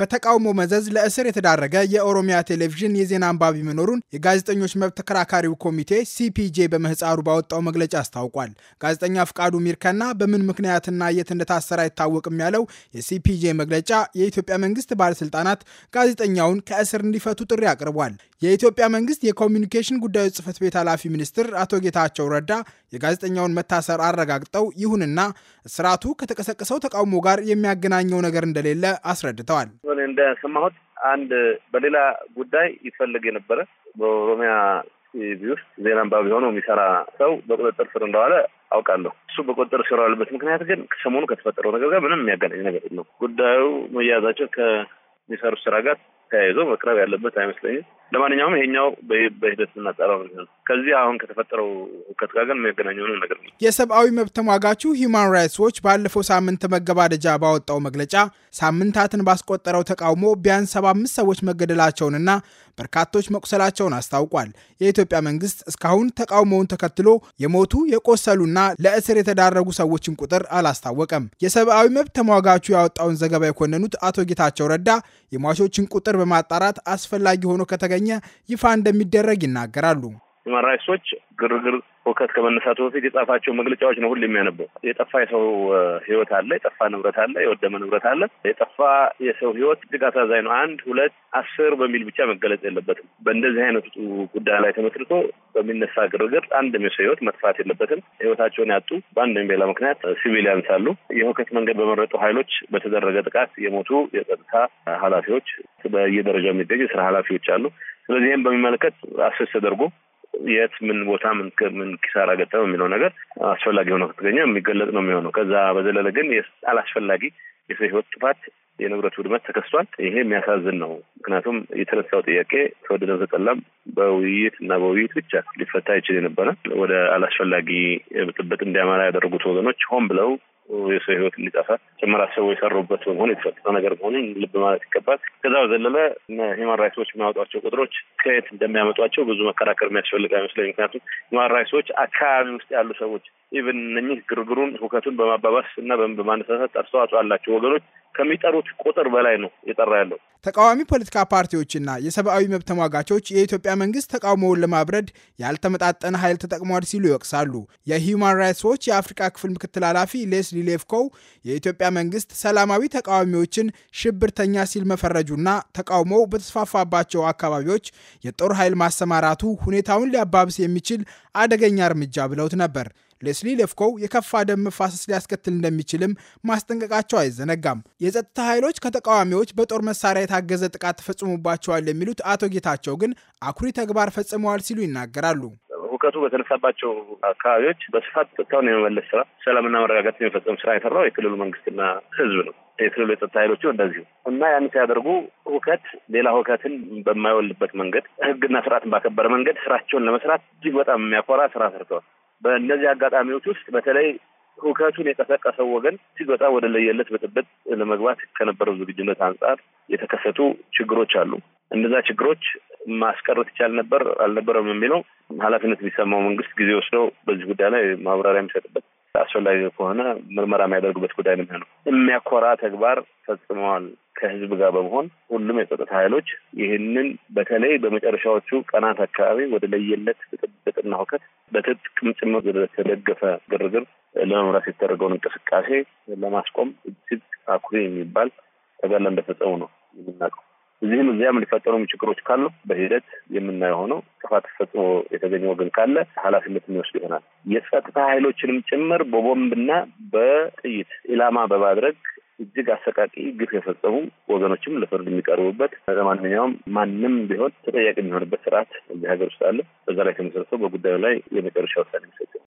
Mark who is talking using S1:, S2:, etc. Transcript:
S1: በተቃውሞ መዘዝ ለእስር የተዳረገ የኦሮሚያ ቴሌቪዥን የዜና አንባቢ መኖሩን የጋዜጠኞች መብት ተከራካሪው ኮሚቴ ሲፒጄ በምህፃሩ ባወጣው መግለጫ አስታውቋል። ጋዜጠኛ ፍቃዱ ሚርከና በምን ምክንያትና የት እንደታሰረ አይታወቅም ያለው የሲፒጄ መግለጫ የኢትዮጵያ መንግስት ባለስልጣናት ጋዜጠኛውን ከእስር እንዲፈቱ ጥሪ አቅርቧል። የኢትዮጵያ መንግስት የኮሚኒኬሽን ጉዳዮች ጽህፈት ቤት ኃላፊ ሚኒስትር አቶ ጌታቸው ረዳ የጋዜጠኛውን መታሰር አረጋግጠው፣ ይሁንና እስራቱ ከተቀሰቀሰው ተቃውሞ ጋር የሚያገናኘው ነገር እንደሌለ አስረድተዋል።
S2: እንደሰማሁት አንድ በሌላ ጉዳይ ይፈልግ የነበረ በኦሮሚያ ቲቪ ውስጥ ዜና አንባቢ ሆነው የሚሰራ ሰው በቁጥጥር ስር እንደዋለ አውቃለሁ። እሱ በቁጥጥር ስር ዋለበት ምክንያት ግን ሰሞኑ ከተፈጠረው ነገር ጋር ምንም የሚያገናኝ ነገር ነው ጉዳዩ መያዛቸው ከሚሰሩት ስራ ጋር ተያይዞ መቅረብ ያለበት አይመስለኝም። ለማንኛውም ይሄኛው በሂደት ስናጠራው ነው። ከዚህ አሁን ከተፈጠረው እውቀት ጋር ግን የሚያገናኘው ነገር ነው።
S1: የሰብአዊ መብት ተሟጋቹ ሂውማን ራይትስ ዎች ባለፈው ሳምንት መገባደጃ ባወጣው መግለጫ ሳምንታትን ባስቆጠረው ተቃውሞ ቢያንስ ሰባ አምስት ሰዎች መገደላቸውንና በርካቶች መቁሰላቸውን አስታውቋል። የኢትዮጵያ መንግስት እስካሁን ተቃውሞውን ተከትሎ የሞቱ የቆሰሉና ለእስር የተዳረጉ ሰዎችን ቁጥር አላስታወቀም። የሰብአዊ መብት ተሟጋቹ ያወጣውን ዘገባ የኮነኑት አቶ ጌታቸው ረዳ የሟቾችን ቁጥር በማጣራት አስፈላጊ ሆኖ ከተገኘ ይፋ እንደሚደረግ ይናገራሉ።
S2: ሁማን ራይትሶች ግርግር ሁከት ከመነሳቱ በፊት የጻፋቸው መግለጫዎች ነው ሁሉ የሚያነበው። የጠፋ የሰው ህይወት አለ፣ የጠፋ ንብረት አለ፣ የወደመ ንብረት አለ። የጠፋ የሰው ህይወት እጅግ አሳዛኝ ነው። አንድ ሁለት አስር በሚል ብቻ መገለጽ የለበትም። በእንደዚህ አይነቱ ጉዳይ ላይ ተመስርቶ በሚነሳ ግርግር አንድም የሰው ህይወት መጥፋት የለበትም። ህይወታቸውን ያጡ በአንድም ሌላ ምክንያት ሲቪሊያንስ አሉ። የሁከት መንገድ በመረጡ ኃይሎች በተደረገ ጥቃት የሞቱ የጸጥታ ኃላፊዎች፣ በየደረጃው የሚገኙ የስራ ኃላፊዎች አሉ። ስለዚህ ይህም በሚመለከት አስስ ተደርጎ የት ምን ቦታ ምን ኪሳራ ገጠመ የሚለው ነገር አስፈላጊ ሆኖ ከተገኘ የሚገለጽ ነው የሚሆነው። ከዛ በዘለለ ግን አላስፈላጊ የሰው ህይወት ጥፋት፣ የንብረት ውድመት ተከስቷል። ይሄ የሚያሳዝን ነው። ምክንያቱም የተነሳው ጥያቄ ተወደደም ተጠላም በውይይት እና በውይይት ብቻ ሊፈታ ይችል የነበረ ወደ አላስፈላጊ ብጥብጥ እንዲያመራ ያደረጉት ወገኖች ሆን ብለው የሰው ህይወት እንዲጠፋ ጭምር አስበው የሰሩበት በመሆን የተፈጠረ ነገር መሆኑ ልብ ማለት ይገባል። ከዛ በዘለለ ሂማን ራይትስ የሚያወጧቸው ቁጥሮች ከየት እንደሚያመጧቸው ብዙ መከራከር የሚያስፈልግ አይመስለኝ። ምክንያቱም ሂማን ራይትስ አካባቢ ውስጥ ያሉ ሰዎች ኢቨን እነኚህ ግርግሩን ሁከቱን በማባባስ እና በማነሳሳት አስተዋጽኦ አላቸው ወገኖች ከሚጠሩት ቁጥር በላይ ነው የጠራ ያለው።
S1: ተቃዋሚ ፖለቲካ ፓርቲዎችና የሰብአዊ መብት ተሟጋቾች የኢትዮጵያ መንግስት ተቃውሞውን ለማብረድ ያልተመጣጠነ ኃይል ተጠቅሟል ሲሉ ይወቅሳሉ። የሂውማን ራይትስ ዎች የአፍሪካ ክፍል ምክትል ኃላፊ ሌስሊ ሌፍኮው የኢትዮጵያ መንግስት ሰላማዊ ተቃዋሚዎችን ሽብርተኛ ሲል መፈረጁና ተቃውሞው በተስፋፋባቸው አካባቢዎች የጦር ኃይል ማሰማራቱ ሁኔታውን ሊያባብስ የሚችል አደገኛ እርምጃ ብለውት ነበር። ሌስሊ ለፍኮው የከፋ ደም መፋሰስ ሊያስከትል እንደሚችልም ማስጠንቀቃቸው አይዘነጋም። የጸጥታ ኃይሎች ከተቃዋሚዎች በጦር መሳሪያ የታገዘ ጥቃት ተፈጽሞባቸዋል የሚሉት አቶ ጌታቸው ግን አኩሪ ተግባር ፈጽመዋል ሲሉ ይናገራሉ።
S2: ሁከቱ በተነሳባቸው አካባቢዎች በስፋት ጸጥታውን የመመለስ ስራ፣ ሰላምና መረጋጋት የሚፈጽም ስራ የሰራው የክልሉ መንግስትና ህዝብ ነው። የክልሉ የጸጥታ ኃይሎቹ እንደዚሁ እና ያን ሲያደርጉ ሁከት ሌላ ሁከትን በማይወልበት መንገድ ህግና ስርዓትን ባከበረ መንገድ ስራቸውን ለመስራት እጅግ በጣም የሚያኮራ ስራ ሰርተዋል። በእነዚህ አጋጣሚዎች ውስጥ በተለይ ሁከቱን የቀሰቀሰው ወገን እጅግ በጣም ወደ ለየለት ብጥብጥ ለመግባት ከነበረው ዝግጁነት አንጻር የተከሰቱ ችግሮች አሉ። እነዛ ችግሮች ማስቀረት ይቻል ነበር አልነበረም የሚለው ኃላፊነት የሚሰማው መንግስት ጊዜ ወስደው በዚህ ጉዳይ ላይ ማብራሪያ የሚሰጥበት አስፈላጊ ከሆነ ምርመራ የሚያደርጉበት ጉዳይ ነው የሚሆነው። የሚያኮራ ተግባር ፈጽመዋል ከህዝብ ጋር በመሆን ሁሉም የጸጥታ ኃይሎች ይህንን በተለይ በመጨረሻዎቹ ቀናት አካባቢ ወደ ለየለት ብጥብጥና ሁከት በትጥቅም ጭምር የተደገፈ ግርግር ለመምራት የተደረገውን እንቅስቃሴ ለማስቆም እጅግ አኩሪ የሚባል ተጋላ እንደፈጸሙ ነው የምናውቀው። እዚህም እዚያም ሊፈጠሩ ችግሮች ካሉ በሂደት የምናየው ሆነው ጥፋት ፈጽሞ የተገኘ ወገን ካለ ኃላፊነት የሚወስድ ይሆናል። የጸጥታ ኃይሎችንም ጭምር በቦምብና በጥይት ኢላማ በማድረግ እጅግ አሰቃቂ ግፍ የፈጸሙ ወገኖችም ለፍርድ የሚቀርቡበት ለማንኛውም ማንም ቢሆን ተጠያቂ የሚሆንበት ስርዓት እዚህ ሀገር ውስጥ አለ። በዛ ላይ ተመሰርተው በጉዳዩ ላይ የመጨረሻ ውሳኔ የሚሰጥ